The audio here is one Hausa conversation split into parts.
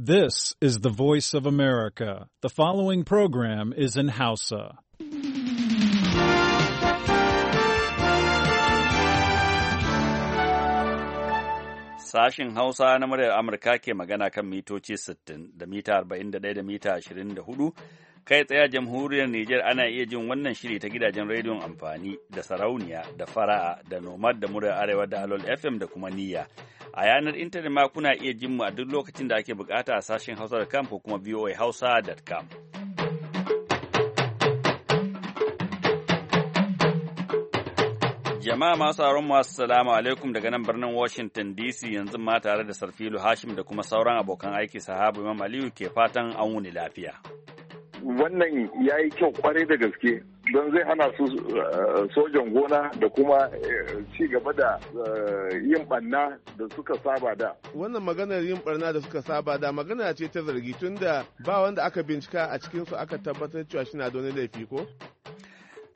This is the voice of America. The following program is in Hausa. Sashin Hausa na muryar Amurka ke magana kan mitoci 60 da mita 41 da mita 24 kai tsaya jamhuriyar Nijar ana iya jin wannan shiri ta gidajen rediyon amfani da sarauniya da fara'a da nomad da murar arewa da alol fm da kuma niyya a yanar intanet ma kuna iya jin mu a duk lokacin da ake bukata a sashen hausa.com ko kuma voahausa.com jama'a masu sauran masu salamu alaikum daga nan birnin washington dc yanzu ma tare da sarfilu hashim da kuma sauran abokan aiki sahabu imam aliyu ke fatan an wuni lafiya wannan ya yi kyau kwarai da gaske don zai hana su eh, sojan gona da kuma eh, ci gaba da eh, yin barna da suka saba da. Wannan maganar yin barna da suka saba da magana ce ta zargi tunda ba wanda aka bincika a cikinsu aka tabbatar cewa shi na da wani laifi ko?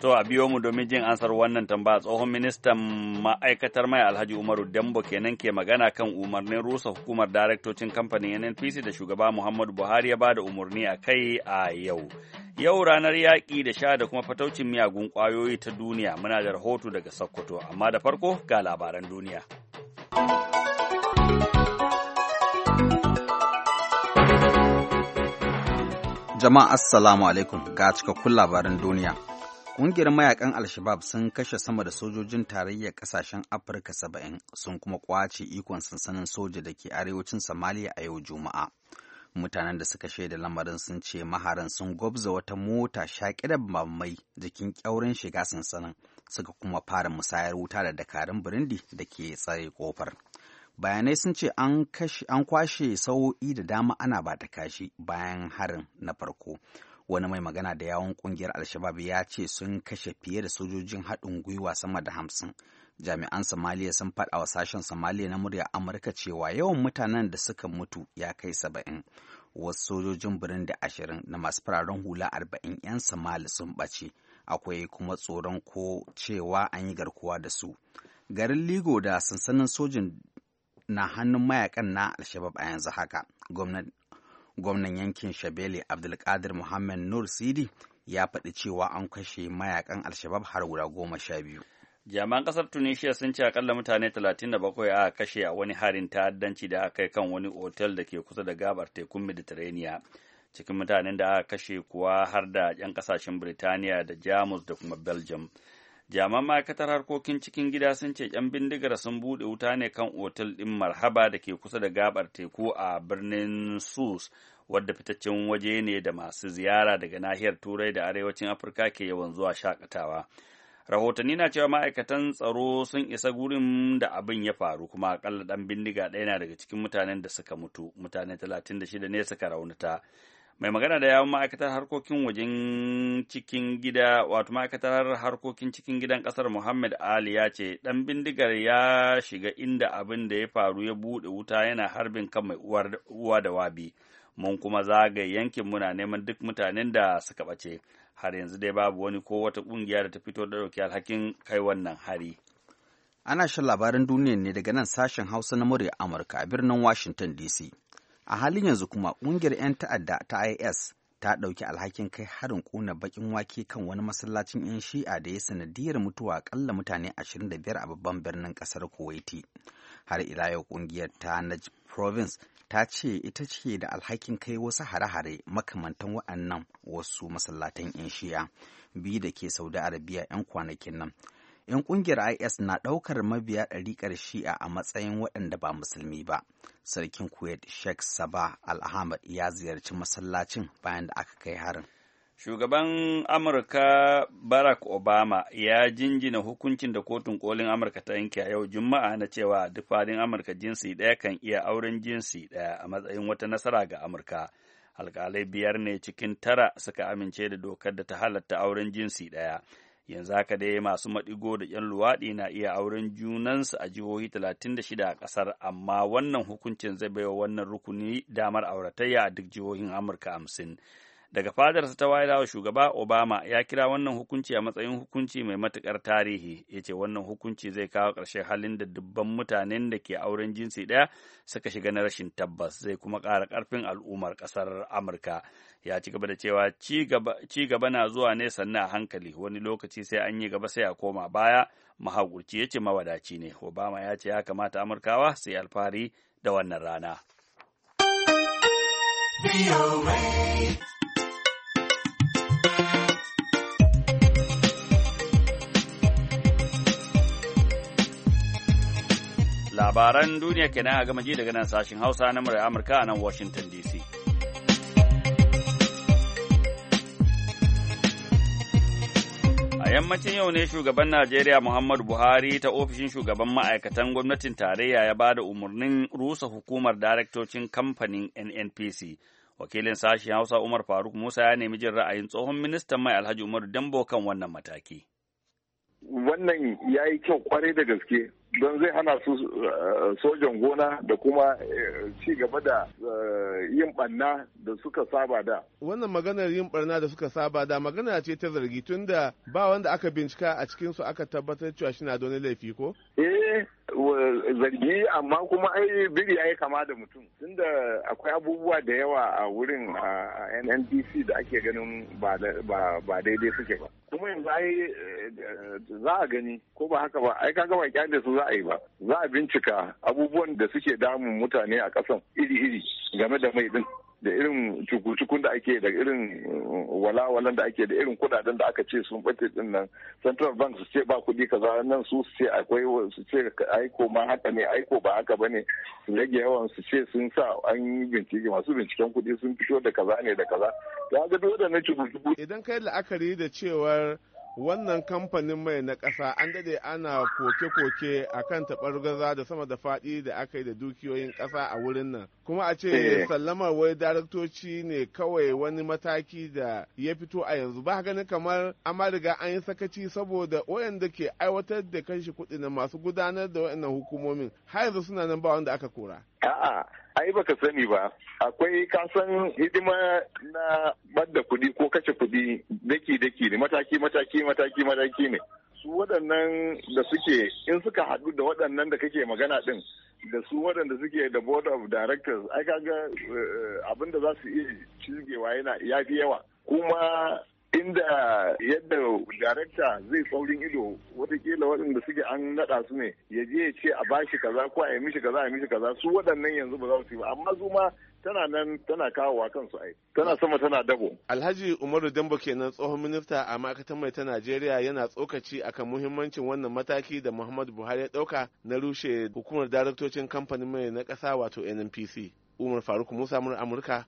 To a biyo mu domin jin ansar wannan tambaya tsohon ministan ma'aikatar mai Alhaji Umaru Dambo kenan ke magana kan umarnin rusa hukumar daraktocin kamfanin NNPC da shugaba Muhammadu Buhari ya bada umarni a kai a yau. Yau ranar yaƙi da sha da kuma fataucin miyagun ƙwayoyi ta duniya muna da rahoto daga Sokoto amma da farko ga labaran duniya. Jama'a Assalamu alaikum ga cikakkun labaran duniya. Ƙungiyar mayakan Alshabab sun kashe sama da sojojin tarayyar ƙasashen Afirka saba'in sun kuma ƙwace ikon sansanin soja da ke arewacin Somalia a yau Juma'a. Mutanen da suka shaida lamarin sun ce maharan sun gwabza wata mota shaƙi da mamai jikin ƙyauren shiga sansanin suka kuma fara musayar wuta da dakarun Burundi da ke tsare kofar, bayanai sun ce an kwashe sau'i da dama ana ba ta kashi bayan harin na farko wani mai magana da yawon kungiyar alshabab ya ce sun kashe fiye da sojojin haɗin gwiwa sama da hamsin jami'an somaliya sun faɗa wa sashen somaliya na murya amurka cewa yawan mutanen da suka mutu ya kai saba'in wasu sojojin birnin da ashirin da masu fararen hula arba'in 'yan somali sun ɓace akwai kuma tsoron ko cewa an yi garkuwa da su garin ligo da sansanin sojin na hannun mayakan na alshabab a yanzu haka gwamnati gwamnan yankin shabele abdulkadir muhammad nur sidi ya faɗi cewa an kashe mayakan alshabab har guda goma sha biyu jami'an kasar tunisia sun ce akalla mutane 37 a kashe a wani harin ta'addanci da aka yi kan wani otal da ke kusa da gabar tekun mediterania cikin mutanen da aka kashe kuwa har da 'yan kasashen birtaniya da jamus da kuma belgium jaman ma'aikatar harkokin cikin gida sun ce 'yan bindigar sun bude wuta ne kan otel ɗin marhaba da ke kusa da gabar teku a birnin sus wadda fitaccen waje ne da masu ziyara daga nahiyar turai da arewacin afirka ke yawan zuwa shakatawa rahotanni na cewa ma'aikatan tsaro sun isa gurin da abin ya faru kuma akalla ɗan bindiga ɗaya na daga cikin mutanen da suka mutu mutane talatin da shida ne suka raunata mai magana da yawon ma'aikatar harkokin wajen cikin gida wato ma'aikatar harkokin cikin gidan kasar muhammad ali ya ce dan bindigar ya shiga inda abin da ya faru ya buɗe wuta yana harbin kan mai uwa da wabi mun kuma zagaye yankin muna neman duk mutanen da suka bace har yanzu dai babu wani ko wata ƙungiya da ta fito da ɗauki alhakin kai wannan hari ana shan labaran duniya ne daga nan sashen hausa na murya amurka a birnin washington dc a halin yanzu kuma ƙungiyar 'yan ta'adda ta is ta ɗauki alhakin kai harin ƙuna baƙin wake kan wani masallacin 'yan shi'a da ya sanadiyar mutuwa akalla mutane 25 a babban birnin ƙasar kuwaiti har ila yau ƙungiyar ta Najib province ta ce ita ce da alhakin kai wasu hare-hare makamantan waɗannan wasu masallatan 'yan shi'a biyu da ke saudi arabiya 'yan kwanakin nan 'yan kungiyar is na ɗaukar mabiya ɗari shi'a a matsayin waɗanda ba musulmi ba sarkin kuwait sheikh sabah al-ahmad ya ziyarci masallacin bayan da aka kai harin shugaban amurka barack obama ya jinjina hukuncin da kotun kolin amurka ta yanke a yau juma'a na cewa duk fadin amurka jinsi ɗaya kan iya auren jinsi ɗaya a matsayin wata nasara ga amurka alkalai biyar ne cikin tara suka amince da dokar da ta halatta auren jinsi ɗaya yanzu haka dai masu maɗigo da ‘yan luwaɗi na iya auren junansu a jihohi 36 a ƙasar amma wannan hukuncin zai baiwa wannan rukuni damar auratayya a duk jihohin amurka hamsin daga fadarsa ta White House shugaba Obama ya kira wannan hukunci a matsayin hukunci mai matukar tarihi ya ce wannan hukunci zai kawo ƙarshen halin da dubban mutanen da ke auren jinsi ɗaya suka shiga na rashin tabbas zai kuma ƙara ƙarfin al'ummar ƙasar Amurka ya ci gaba da cewa ci gaba na zuwa ne sannan a hankali wani lokaci sai an yi gaba sai a koma baya mahaƙurci ya ce mawadaci ne Obama ya ce ya kamata Amurkawa su yi alfahari da wannan rana. Labaran duniya kenan a gama ji daga nan sashen Hausa na murar Amurka a nan Washington DC. yammacin yau ne shugaban Najeriya Muhammadu Buhari ta ofishin shugaban ma'aikatan gwamnatin tarayya ya ba da umarnin rusa hukumar daraktocin kamfanin NNPC wakilin sashen hausa umar faruk musa ya nemi jin ra'ayin tsohon ministan mai alhaji umaru dambo kan wannan mataki wannan ya yi kyau kwarai da gaske don zai hana su eh, sojan gona da kuma eh, ci gaba da eh, yin barna da suka saba da. Wannan maganar yin barna da suka saba da magana ce ta zargi tun da ba wanda aka bincika a cikin su aka tabbatar cewa shi na da laifi ko? Eh, zargi amma kuma ai biri ya kama da mutum tunda akwai abubuwa da yawa a wurin nndc da ake ganin ba daidai suke ba kuma yanzu ai za a gani ko ba haka ba ai kaga ba da su za a yi ba za a bincika abubuwan da suke damun mutane a ƙasan iri-iri game da mai din da irin cuku-cukun da ake da irin uh, walawalan da ake da irin kudaden da aka ce sun bace din nan central bank su ce ba kudi kaza nan su ce akwai su ce aiko ma haka ne aiko ba haka bane su rage yawan su ce sun sa an yi bincike masu binciken kudi sun fito da kaza ne da kaza ya ga dole na cuku-cuku idan kai la'akari da cewar wannan kamfanin mai na ƙasa an dade ana koke-koke akan taɓar gaza da sama da faɗi da aka yi da dukiyoyin ƙasa a wurin nan kuma a ce eh. sallamar wai daraktoci ne kawai wani mataki da ya fito a yanzu ba ganin kamar amma riga an yi sakaci saboda wayanda ke aiwatar da kanshi kuɗi na masu gudanar da wayannan hukumomin har yanzu suna nan ba wanda aka kora a'a ai baka sani ba akwai kasan hidima na bada kuɗi ko kashe kuɗi daki daki ne mataki mataki mataki mataki ne su waɗannan da suke in suka haɗu da waɗannan da kake magana ɗin da su waɗanda suke da board of directors ai kaga eh, abin da za su iya cizgewa yana ya fi yawa kuma inda yadda director zai saurin ido watakila waɗanda suke an naɗa su ne ya je ya ce a bashi kaza ko a yi mishi kaza a yi mishi kaza su waɗannan yanzu ba za su yi ba amma su ma tana nan tana kawo wa kansu ai tana sama tana dabo alhaji umaru dambo kenan tsohon minista a ma'aikatar mai ta najeriya yana tsokaci akan muhimmancin wannan mataki da muhammadu buhari ya dauka na rushe hukumar daraktocin kamfanin mai na kasa wato nnpc umar faruk musa mur amurka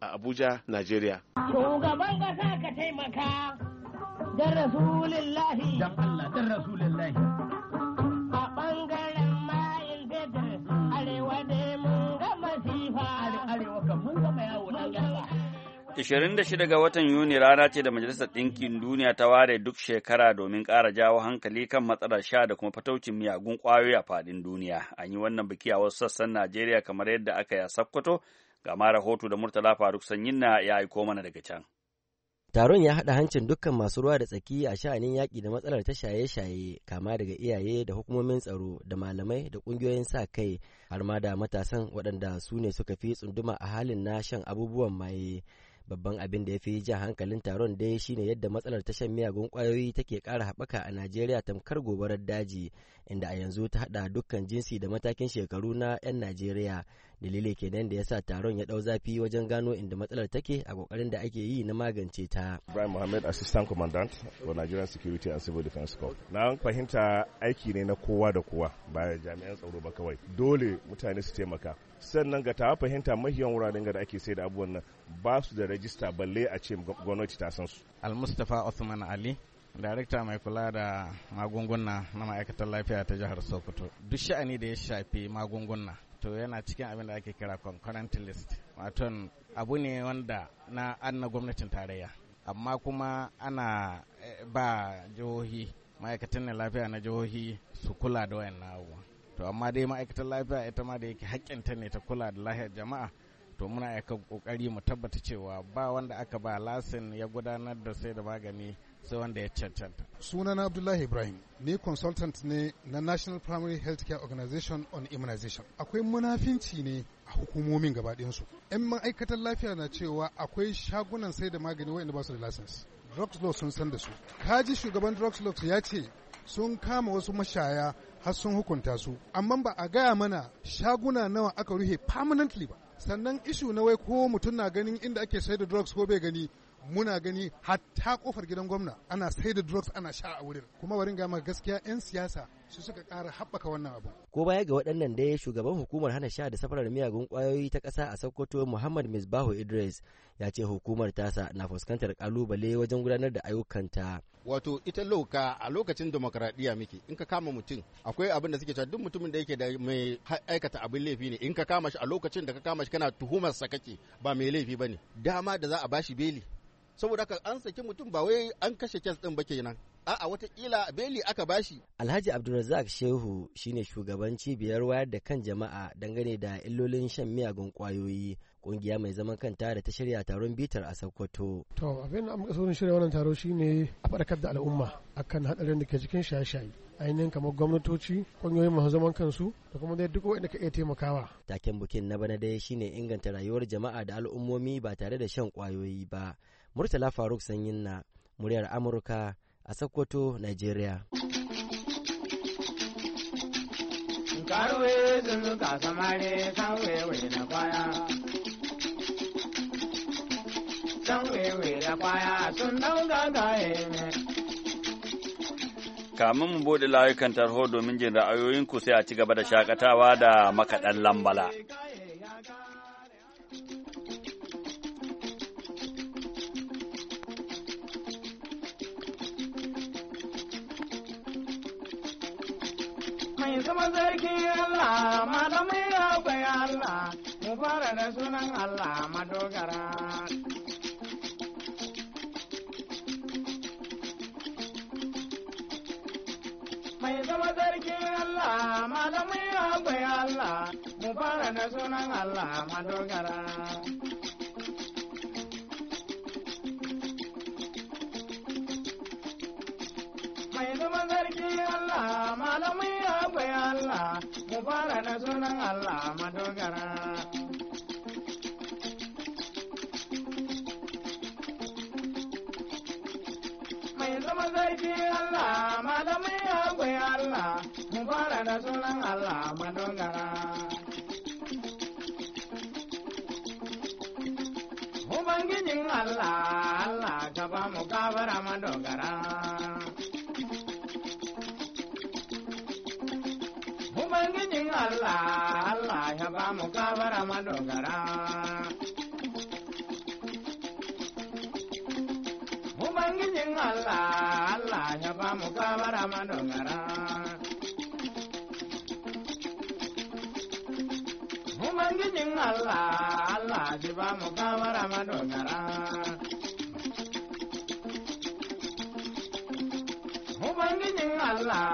a abuja najeriya shugaban kasa ka taimaka dan rasulillahi dan allah dan rasulillahi 26 ga watan Yuni rana ce da Majalisar Ɗinkin Duniya ta ware duk shekara domin ƙara jawo hankali kan matsalar sha da kuma fataucin miyagun ƙwayoyi a faɗin duniya. An yi wannan biki a wasu sassan Najeriya kamar yadda aka yi a ga rahoto da Murtala Faruk na ya aiko mana daga can. Taron ya haɗa hancin dukkan masu ruwa da tsaki a sha'anin yaƙi da matsalar ta shaye-shaye kama daga iyaye da hukumomin tsaro da malamai da ƙungiyoyin sa kai har ma da matasan waɗanda su ne suka fi tsunduma a halin na shan abubuwan maye babban abin da ya fi ja hankalin taron dai shine yadda matsalar tashan miyagun kwayoyi take kara haɓaka a najeriya tamkar gobarar daji inda a yanzu ta haɗa dukkan jinsi da matakin shekaru na 'yan Najeriya. Dalilin kenan da ya sa taron ya dau zafi wajen gano inda matsalar take a kokarin da ake yi na magance ta. Ibrahim Muhammad Assistant Commandant wa Nigerian Security and Civil Defense Corps. Na fahimta aiki ne na kowa da kowa ba jami'an tsaro ba kawai. Dole mutane su taimaka. Sannan ga ta fahimta mahiyan wuraren da ake sai da abubuwan nan ba su da rajista balle a ce gwamnati ta san su. Al-Mustapha Osman Ali darakta mai kula da magunguna na ma'aikatar lafiya ta jihar sokoto duk sha'ani da ya shafi magunguna to yana cikin abin da ake kira concurrent list Wato abu ne wanda na an na gwamnatin tarayya amma kuma ana eh, ba jihohi ma'aikatan lafiya na jihohi su kula da wayan abubuwa to amma dai ma'aikatar lafiya ita ma da yake haƙƙinta ne ta kula da lafiyar jama'a to muna aika kokari mu tabbata cewa ba wanda aka ba lasin ya gudanar da sai da magani sai wanda ya cancanta. Sunana Abdullahi Ibrahim, ne consultant ne na National Primary Healthcare Organization on Immunization. Akwai munafinci ne a hukumomin gabaɗinsu. 'Yan ma'aikatan lafiya na cewa akwai shagunan sai da magani waɗanda ba su da lasens. Drugs law sun san da su. Kaji shugaban drugs law ya ce sun kama wasu mashaya har sun hukunta su. Amma ba a gaya mana shaguna nawa aka rufe permanently ba. Sannan ishu na wai ko mutum na ganin inda ake sayar da drugs ko bai gani muna gani hatta kofar gidan gwamna ana sai da drugs ana sha a wurin kuma warin ga maka gaskiya 'yan siyasa su suka kara haɓaka wannan abu. Ko baya ga waɗannan dai shugaban hukumar hana sha da safarar miyagun ƙwayoyi ta ƙasa a Sokoto Muhammad Misbahu Idris ya ce hukumar tasa na fuskantar kalubale wajen gudanar da ayyukanta. Wato ita lauka a lokacin demokaradiyya muke in ka kama mutum akwai abin da suke cewa duk mutumin da yake da mai aikata abin laifi ne in ka kama shi a lokacin da ka kama shi kana tuhumar sa kake ba mai laifi bane dama da za a bashi beli saboda haka an saki mutum ba wai an kashe kes din ba kenan a'a watakila beli aka bashi alhaji abdulrazak shehu shine shugaban cibiyar wayar da kan jama'a dangane da illolin shan miyagun kwayoyi kungiya mai zaman kanta da ta shirya taron bitar a sokoto to abin da muka sun shirya wannan taro shine a faɗakar da al'umma akan hadarin da ke cikin shaye-shaye ainihin kamar gwamnatoci kungiyoyin masu zaman kansu da kuma dai duk wanda ka iya taimakawa taken bukin na bana dai shine inganta rayuwar jama'a da al'ummomi ba tare da shan kwayoyi ba Murtala Faruk Sanyin na muryar Amurka a Sokoto, Najeriya. Kamin mu bude layukan tarho domin jin ra'ayoyinku sai a ci gaba da shakatawa da makaɗan lambala. kuma sarki Allah malamai akwai Allah mu fara da sunan Allah madogara. Mai zama zarki Allah malamai akwai Allah mu fara da sunan Allah madogara. kuma sarki Allah malamai akwai Allah mu fara da sunan Allah madogara. Mai zama sarki Allah malamai akwai Allah mu fara da sunan Allah madogara. Ubangijin Allah Allah ka ba mu madogara. Allah Allah ya ba mu gabara madogara. Ubangijin Allah Allah ya ba mu gabara madogara. Ubangijin Allah Allah ya ba mu gabara madogara. Ubangijin Allah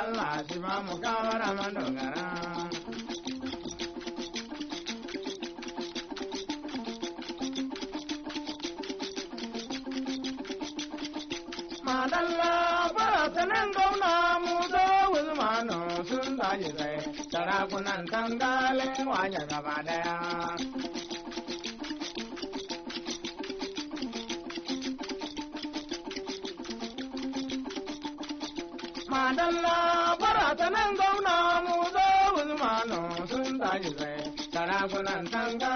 Allah ya ba mu gabara madogara. Allah farasanin gauna Musa Usmanu sun tashi sai sarakunan tangalin wanya gaba daya. Madalla farasanin gauna Musa Usmanu sun tashi sai sarakunan tangalin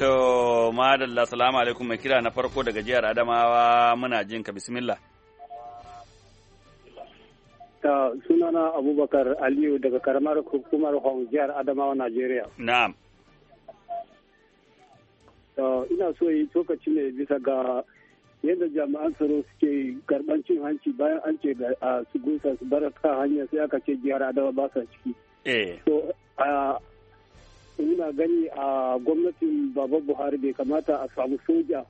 To, madalla, salamu alaikum mai kira na farko daga jihar Adamawa muna jin ka bismillah. Ta sunana Abubakar Aliyu daga karamar hukumar Hong jihar Adamawa, Najeriya. Na'am. Ta ina so yi tokaci ne bisa ga yadda jami'an tsaro suke karɓar cin hanci bayan an ce su gusa su bar hanyar sai aka ce jihar Adamawa ba sa ciki. Eh. a muna gani a gwamnatin baba buhari bai kamata a samu soja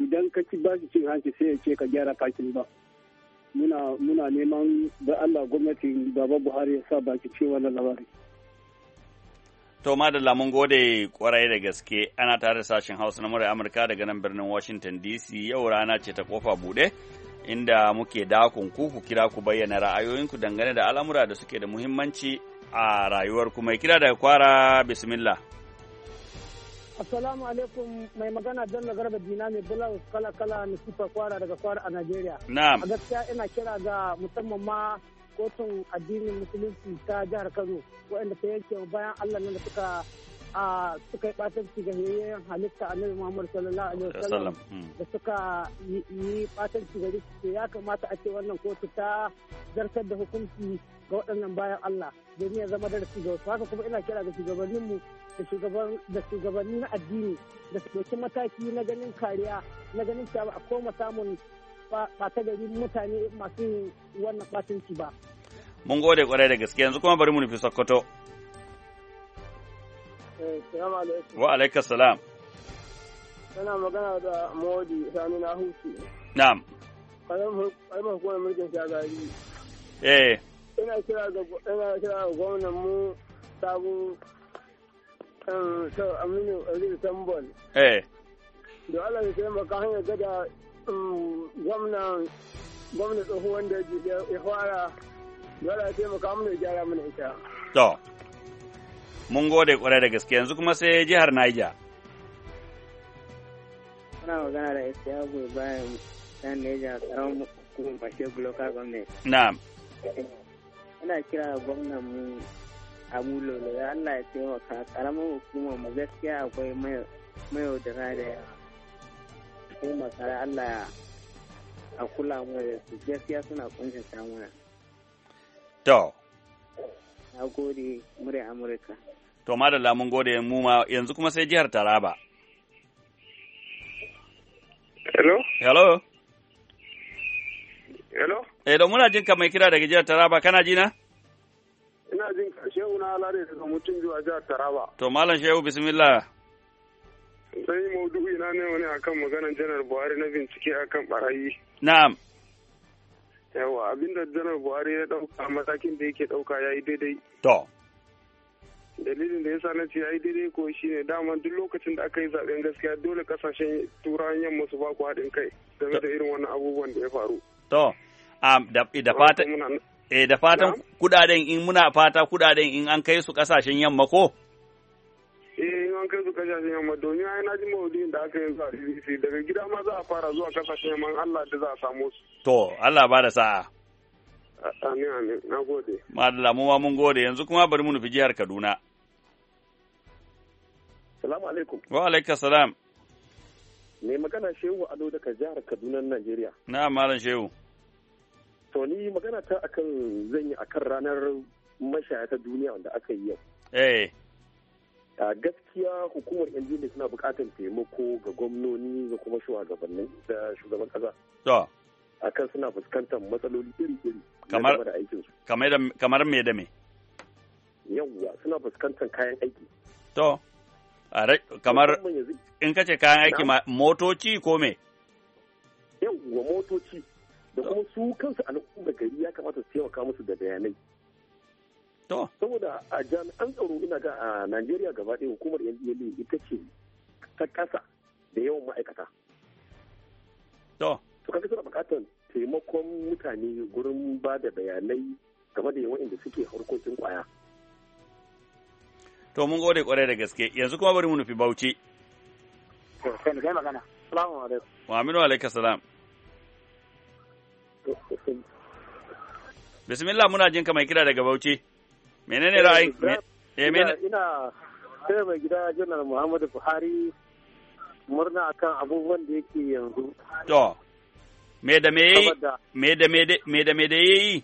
idan ka ci bashi cin hanci sai ya ce ka gyara kakin ba muna muna neman da allah gwamnatin baba buhari ya sa baki ce wannan labari To da mun gode kwarai da gaske ana tare da sashen Hausa na murar Amurka daga nan birnin Washington DC yau rana ce ta kofa buɗe inda muke dakon ku ku kira ku bayyana ra'ayoyinku dangane da al'amura da suke da muhimmanci a rayuwar kuma kira daga kwara bismillah. Assalamu alaikum mai magana Bello Garba Dina mai Bulawus kala kala Nasifa Kwara daga Kwara a Najeriya. Na'am. A gaskiya ina kira ga musamman ma kotun addinin musulunci ta jihar Kano waɗanda ta yanke bayan Allah nan da suka a suka yi ɓatanci ga yayin halitta annabi Muhammad sallallahu alaihi wasallam hmm. da suka yi ɓatanci gari su ya kamata a ce wannan kotu ta zartar da hukunci ga waɗannan bayan Allah domin ya zama darasi ga wasu haka kuma ina kira ga shugabanninmu da shugabanni na addini da su mataki na ganin kariya na ganin cewa a koma samun ɓata gari mutane masu wannan ɓatanci ba. Mun gode kwarai da gaske yanzu kuma bari mu nufi Sokoto. Eh, Wa alaikar salam. Tana magana da Modi Sani na Hutu. Na'am. Kalmar hukumar mulkin shagari. Eh. Ina kira ga ina kira ga gwamnan mu sabu um, Aminu Aliyu Tambol. Eh. Da Allah ya taimaka hanyar gada um, gwamnan gwamnan tsoho wanda ya fara. Da Allah ya taimaka mana gyara mana ita. To. Mun gode kwarai da gaske yanzu kuma sai jihar Niger. Muna magana da Isiyaku bayan dan Niger tsaron hukumar Shegu Local Government. Na'am. Ina kira gwamnan mu Abu Lolo ya Allah ya taimaka karamin hukumar mu gaskiya akwai mayaudara da da yawa. Taimaka Allah ya a kula mu da su gaskiya suna kunshin samuna. To. Na gode murya Amurka. To madalla mun gode mu ma yanzu kuma sai jihar Taraba. Hello? Hello? Hello? Eh don muna jin ka mai kira daga jihar Taraba kana jina? Ina jin Shehu na alare daga mutum zuwa jihar Taraba. To malam Shehu bismillah. Sai maudu'i na ne wani akan maganar Janar Buhari na bincike akan barayi. Na'am. Yawa abinda Janar Buhari ya dauka matakin da yake dauka yi daidai. To. dalilin da ya sa na ce ai daidai ko shine daman duk lokacin da aka yi zaben gaskiya dole kasashen turawan yamma su ba ku haɗin kai game da irin wannan abubuwan da ya faru to eh, da fatan da fatan kudaden in muna fata kudaden in an kai su kasashen yamma ko eh, in an kai su kasashen yamma domin ai na ji maudu'in da aka yi za a daga gida ma za a fara zuwa kasashen yamma Allah da za a samu su to Allah ba da sa'a Amin amin, na gode. Madalla mu ma mun gode, yanzu kuma bari mu nufi jihar Kaduna. Salamu alaikum. Wa alaika salam. Me magana Shehu Ado daga jihar Kaduna Najeriya. Na malam Shehu. To ni magana ta akan zan yi akan ranar mashaya ta duniya wanda aka yi yau. Eh. a gaskiya hukumar yan suna bukatar taimako ga gwamnoni da kuma shugabannin da shugaban kasa. akan suna fuskantar matsaloli iri-iri kamar da aikinsu. Kamar me da me? Yawwa suna fuskantar kayan aiki. To, kamar in ka ce kayan aiki motoci ko me? Yawwa motoci da kuma su kansu al'ummar gari ya kamata su taimaka musu da bayanai. To. Saboda a jami'an tsaro ina ga a Najeriya gaba ɗaya hukumar NDLA ita ce ta ƙasa da yawan ma'aikata. To. suka fi suna bukatar taimakon mutane gurin ba da bayanai game da inda suke harkokin kwaya. To mun gode kwarai da gaske yanzu kuma bari mu nufi Bauchi. Wa aminu alaikum salam. Bismillah muna jinka mai kira daga Bauchi. Menene eh, ra'ayi? Ina sai mai gida jinar Muhammadu Buhari murna akan abubuwan da yake yanzu. To. Me da me yayi? Me da me da me da yayi?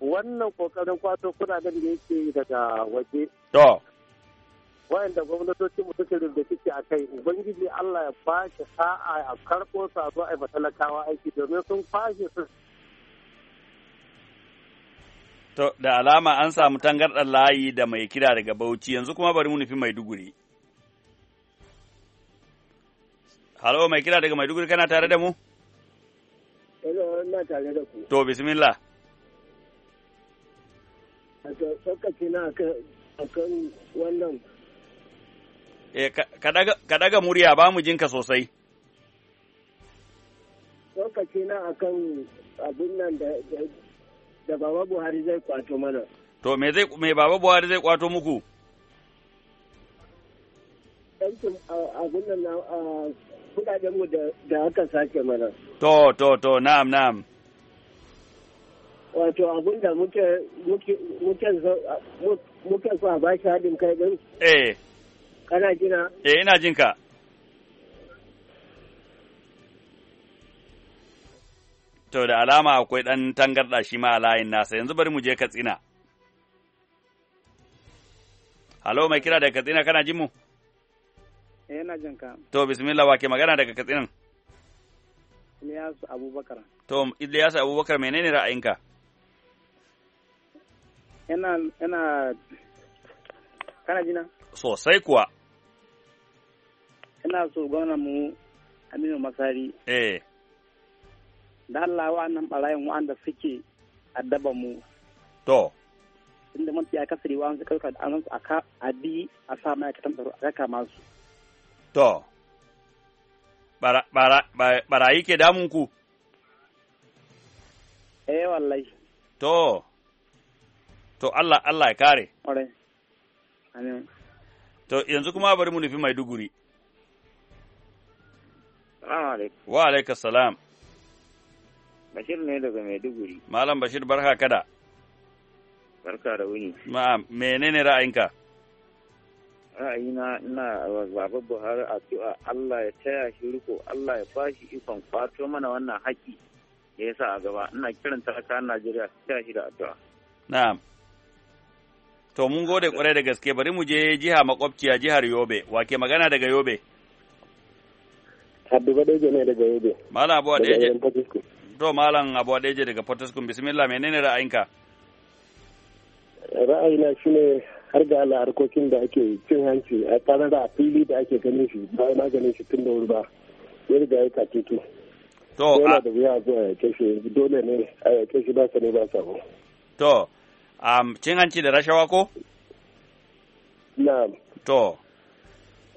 Wannan kokarin kwato kudaden da yake daga waje. To. Wayanda gwamnatoci mu suke da suke a kai Ubangiji Allah ya ba shi sa'a a karɓo su a zo a talakawa aiki domin sun kwashe su To, da alama an samu tangarɗar layi da mai kira daga Bauchi, yanzu kuma bari mu nufi Maiduguri. Halo, mai kira daga Maiduguri kana tare da mu? Ina tare da ku. To, bismillah. Wato, tsokaci na akan wannan. Eh, ka daga murya ba mu jinka sosai. Tsokaci na akan abin nan da Baba Buhari zai kwato mana. To, me Baba Buhari zai kwato muku? Yankin abin nan kudaden mu da aka sake mana. To, to, to, nam, nam. Wato abin da muke so a bashi haɗin kai ɗin? Eh. Kana jina? Eh, ina jin ka. To, da alama akwai ɗan tangarɗa shi ma a layin nasa, yanzu bari mu je Katsina. Halo, mai kira da Katsina, kana jin mu? yana eh, jin ka to bismillah wa ke magana daga katsinan Ilyasu Abubakar to Ilyasu Abubakar menene ra'ayinka yana yana kana jina sosai kuwa ina so gwamnan mu Aminu Masari eh da Allah wa'annan barayin wa'anda suke addaba mu to inda mafi akasari wa'ansu karkar da a bi a sa ma'aikatan tsaro a kama su. To, barayi ke damunku? Eh, wallahi. To, to Allah, Allah ya kare. Ƙwarai, amin. To, yanzu kuma bari mu nufi mai duguri. Wa alaikas salam. Bashir ne daga mai duguri. Malam Bashir barka kada. Barka da wuni. Ma'am, menene ra'ayinka? ra'ayinka? ra'ayina ina baba buhari addu'a allah ya taya shi riko allah ya bashi ikon kwato mana wannan haƙi ya sa a gaba ina kiran talakan najeriya su taya shi da addu'a na'am to mun gode kwarai da gaske bari mu je jiha makwabciya jihar yobe wake magana daga yobe Abdu Badeje ne daga Yobe. Malam Abu Adeje. To Malam Abu Adeje daga Port Harcourt. Bismillah menene ra'ayinka? Ra'ayina shine har da ala harkokin da ake cin hanci a tsarar a fili da ake ganin shi ba na ganin shi tun da wuri ba ya riga ya katutu to yana da wuya zuwa ya kashe dole ne a kashe ba sa ne ba sa to cin hanci da rashawa ko na'am to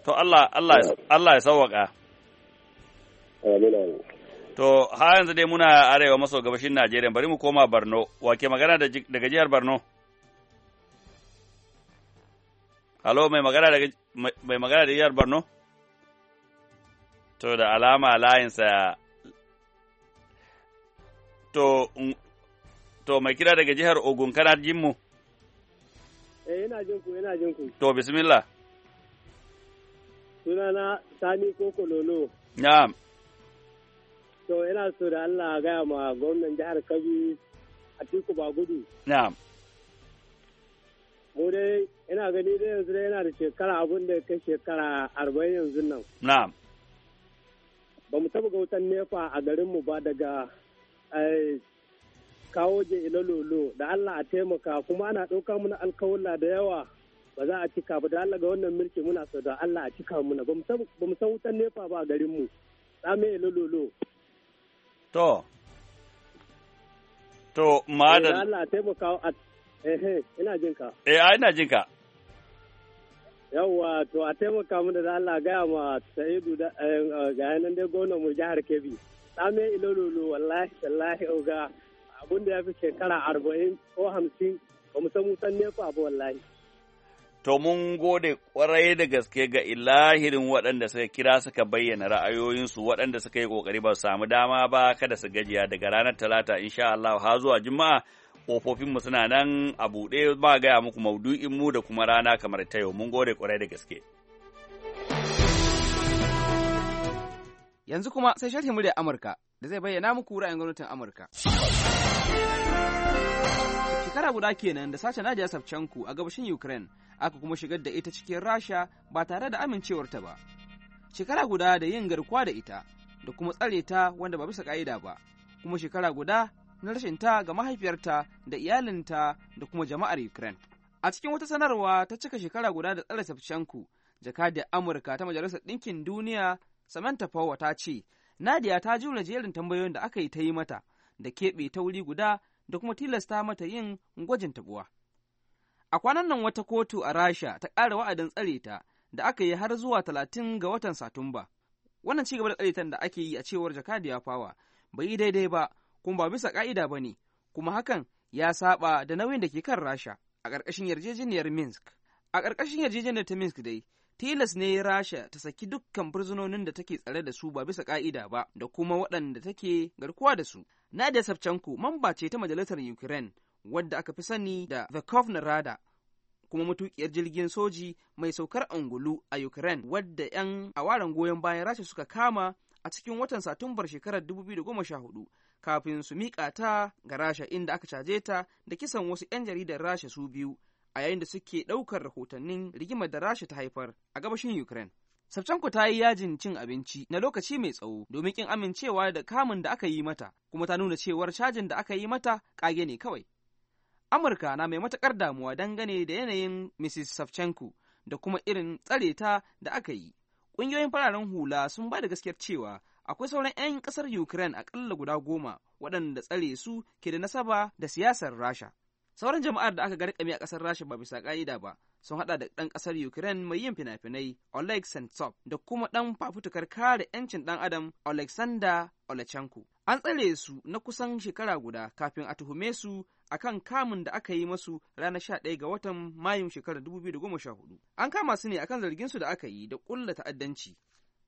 to Allah Allah Allah ya sawwaka amin To, ha yanzu dai muna arewa maso gabashin Najeriya, bari mu koma Borno, wake magana daga jihar Borno? alo mai magana da mai magana da yar Borno to da alama layinsa to to mai kira daga jihar Ogun kana jin mu eh ina jin ku ina jin ku to bismillah sunana Sani Koko Lolo na'am to ina so da Allah gaya ma gwamnan jihar Kabi Atiku Bagudu na'am mu dai ina gani dai yanzu da yana da shekara abun da ya kai shekara arba'in yanzu nan na'am ba mu taba gautan wutan nefa a garin mu ba daga eh, kawo je lolo da Allah a taimaka kuma ana ɗauka mana alkawalla da yawa ba za a cika ba da Allah ga wannan mulki muna so da Allah a cika muna ba mu san wutan nefa ba a garin mu tsame lolo. to to ma eh, da Allah a taimaka a eh, eh ina jinka eh ina jinka yawwa to a taimaka mu da Allah gaya ma sa'idu da eh, eh, ga nan dai gwamnan mu jihar Kebbi tsame ilololo wallahi wallahi oga abun da ya fi shekara arba'in ko hamsin ba mu san musan nefa ba wallahi to mun gode kwarai da gaske ga ilahirin waɗanda suka kira suka bayyana ra'ayoyinsu waɗanda suka yi ƙoƙari ba su samu dama ba kada su gajiya daga ranar talata insha Allah har zuwa juma'a kofofin suna nan a buɗe ba gaya muku maudu'in mu da kuma rana kamar ta yau mun gode kwarai da gaske yanzu kuma sai sharhin muryar Amurka da zai bayyana muku ra'ayin gwamnatin Amurka shekara guda kenan da sace Nadia Savchenko a gabashin Ukraine aka kuma shigar da ita cikin Rasha ba tare da amincewarta ba shekara guda da yin garkuwa da ita da kuma tsare ta wanda ba bisa ka'ida ba kuma shekara guda na rashin ta ga mahaifiyarta da iyalinta da kuma jama'ar Ukraine. A cikin wata sanarwa ta cika shekara guda da tsare Shevchenko, jakadiyar Amurka ta Majalisar Ɗinkin Duniya Samantha Power ta ce, Nadia ta jure jerin tambayoyin da aka yi ta yi mata da keɓe ta wuri guda da kuma tilasta mata yin gwajin tabuwa. A kwanan nan wata kotu a Rasha ta ƙara wa'adin tsare ta da aka yi har zuwa talatin ga watan Satumba. Wannan ci gaba da tsare da ake yi a cewar jakadiyar fawa bai yi daidai ba kuma ba bisa ka'ida ba ne kuma hakan ya saba da nauyin da ke kan rasha a ƙarƙashin yarjejeniyar minsk a ƙarƙashin yarjejeniyar ta minsk dai tilas ne rasha ta saki dukkan fursunonin da take tsare da su ba bisa ka'ida ba da kuma waɗanda take garkuwa da su nadia savchenko mamba ce ta majalisar ukraine wadda aka fi sani da verkhovna rada kuma matukiyar jirgin soji mai saukar angulu a ukraine wadda 'yan awaren goyon bayan rasha suka kama a cikin watan satumbar shekarar 2014 kafin su miƙa ta ga rasha inda aka caje ta da kisan wasu 'yan jaridar rasha su biyu a yayin da suke ɗaukar rahotannin rigimar da rasha ta haifar a gabashin ukraine Sabchanko ta yi yajin cin abinci na lokaci mai tsawo domin kin amincewa da kamun da aka yi mata, kuma ta nuna cewar cajin da aka yi mata kage ne kawai. Amurka na mai matakar damuwa dangane da yanayin Mrs. Sabchanko da kuma irin tsare ta da aka yi. Ƙungiyoyin fararen hula sun ba da gaskiyar cewa akwai sauran 'yan ƙasar Ukraine akalla guda goma waɗanda tsare su ke da nasaba da siyasar Rasha. Sauran jama'ar da aka garkami a ƙasar Rasha ba bisa ƙa'ida ba sun haɗa da ɗan ƙasar Ukraine mai yin fina-finai Oleg Sentsov da kuma ɗan fafutukar kare 'yancin ɗan adam Alexander Olechenko. An tsare su na kusan shekara guda kafin a tuhume su akan kamun da aka yi masu ranar sha-ɗaya ga watan Mayun shekarar 2014. An kama su ne akan zargin su da aka yi da ƙulla ta'addanci,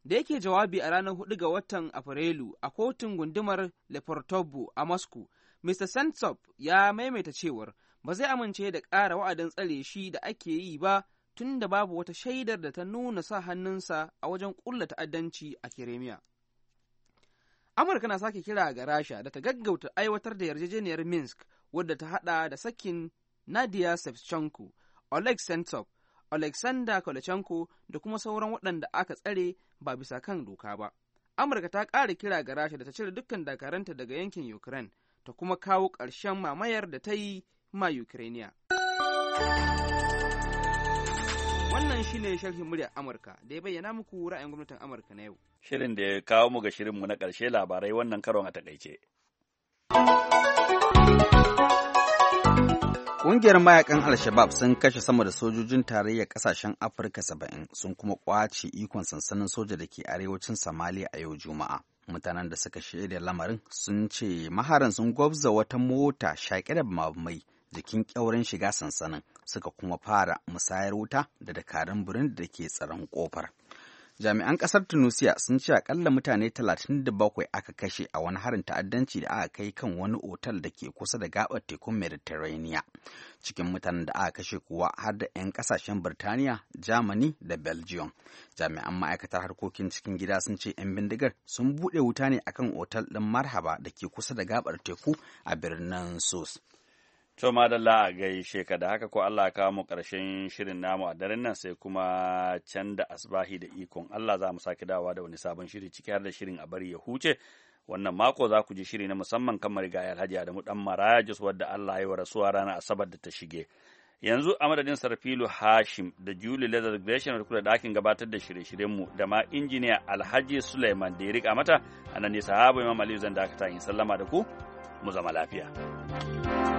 da yake jawabi a ranar 4 ga watan afrilu a kotun gundumar leportobo a moscow mr Sentsov ya maimaita cewar ba zai amince da ƙara wa'adin tsare shi da ake yi ba tun da babu wata shaidar da ta nuna sa hannunsa a wajen ƙulla ta'addanci a kiremiya amurka na sake kira ga rasha da ta gaggauta aiwatar da yarjejeniyar minsk wadda ta hada da sakin nadia Shevchenko, oleg sentsov Alexander kolachenko da kuma sauran waɗanda aka tsare ba bisa kan doka ba. Amurka ta ƙara kira ga Rasha da ta cire dukkan dakaranta daga yankin Ukraine ta kuma kawo ƙarshen mamayar da ta yi ma Ukrainiya. Wannan shine sharhin muryar Amurka da ya bayyana muku ra'ayin gwamnatin Amurka na yau. Shirin da ya kawo mu ga shirinmu na ƙarshe labarai wannan karon a takaice. Ƙungiyar mayakan Al-Shabab sun kashe sama da sojojin tarayyar ƙasashen Afirka saba'in sun kuma ƙwace ikon sansanin soja da ke arewacin Somalia a yau Juma'a. Mutanen da suka shaida lamarin sun ce maharan sun gwabza wata mota shaƙe da mai jikin ƙyauren shiga sansanin suka kuma fara musayar wuta da dakarun birnin da ke tsaron ƙofar. Jami'an ƙasar Tunisia sun ce akalla mutane 37 aka kashe a wani harin ta'addanci da aka kai kan wani otal da ke kusa da gabar tekun Mediterranean. Cikin mutanen da aka kashe kuwa har da 'yan ƙasashen Birtaniya, Germany da Belgium. Jami'an ma'aikatar harkokin cikin gida sun ce 'yan bindigar sun buɗe wuta ne akan otal ɗin Marhaba da ke kusa da gabar teku a birnin Sos. To madalla a gaishe ka da haka ko Allah kawo mu karshen shirin namu a daren nan sai kuma can da asbahi da ikon Allah za mu sake dawa da wani sabon shiri ciki har da shirin a bari ya huce wannan mako za ku ji shiri na musamman kan marigayar Alhaji Adamu dan Maraya Jos wadda Allah ya yi wa rasuwa ranar Asabar da ta shige. yanzu a madadin sarfilu hashim da julie leather gresham da kula dakin gabatar da shirye-shiryenmu da ma injiniya alhaji suleiman da ya rika mata a nan ne sahaba imam aliyu zan dakata in sallama da ku mu zama lafiya.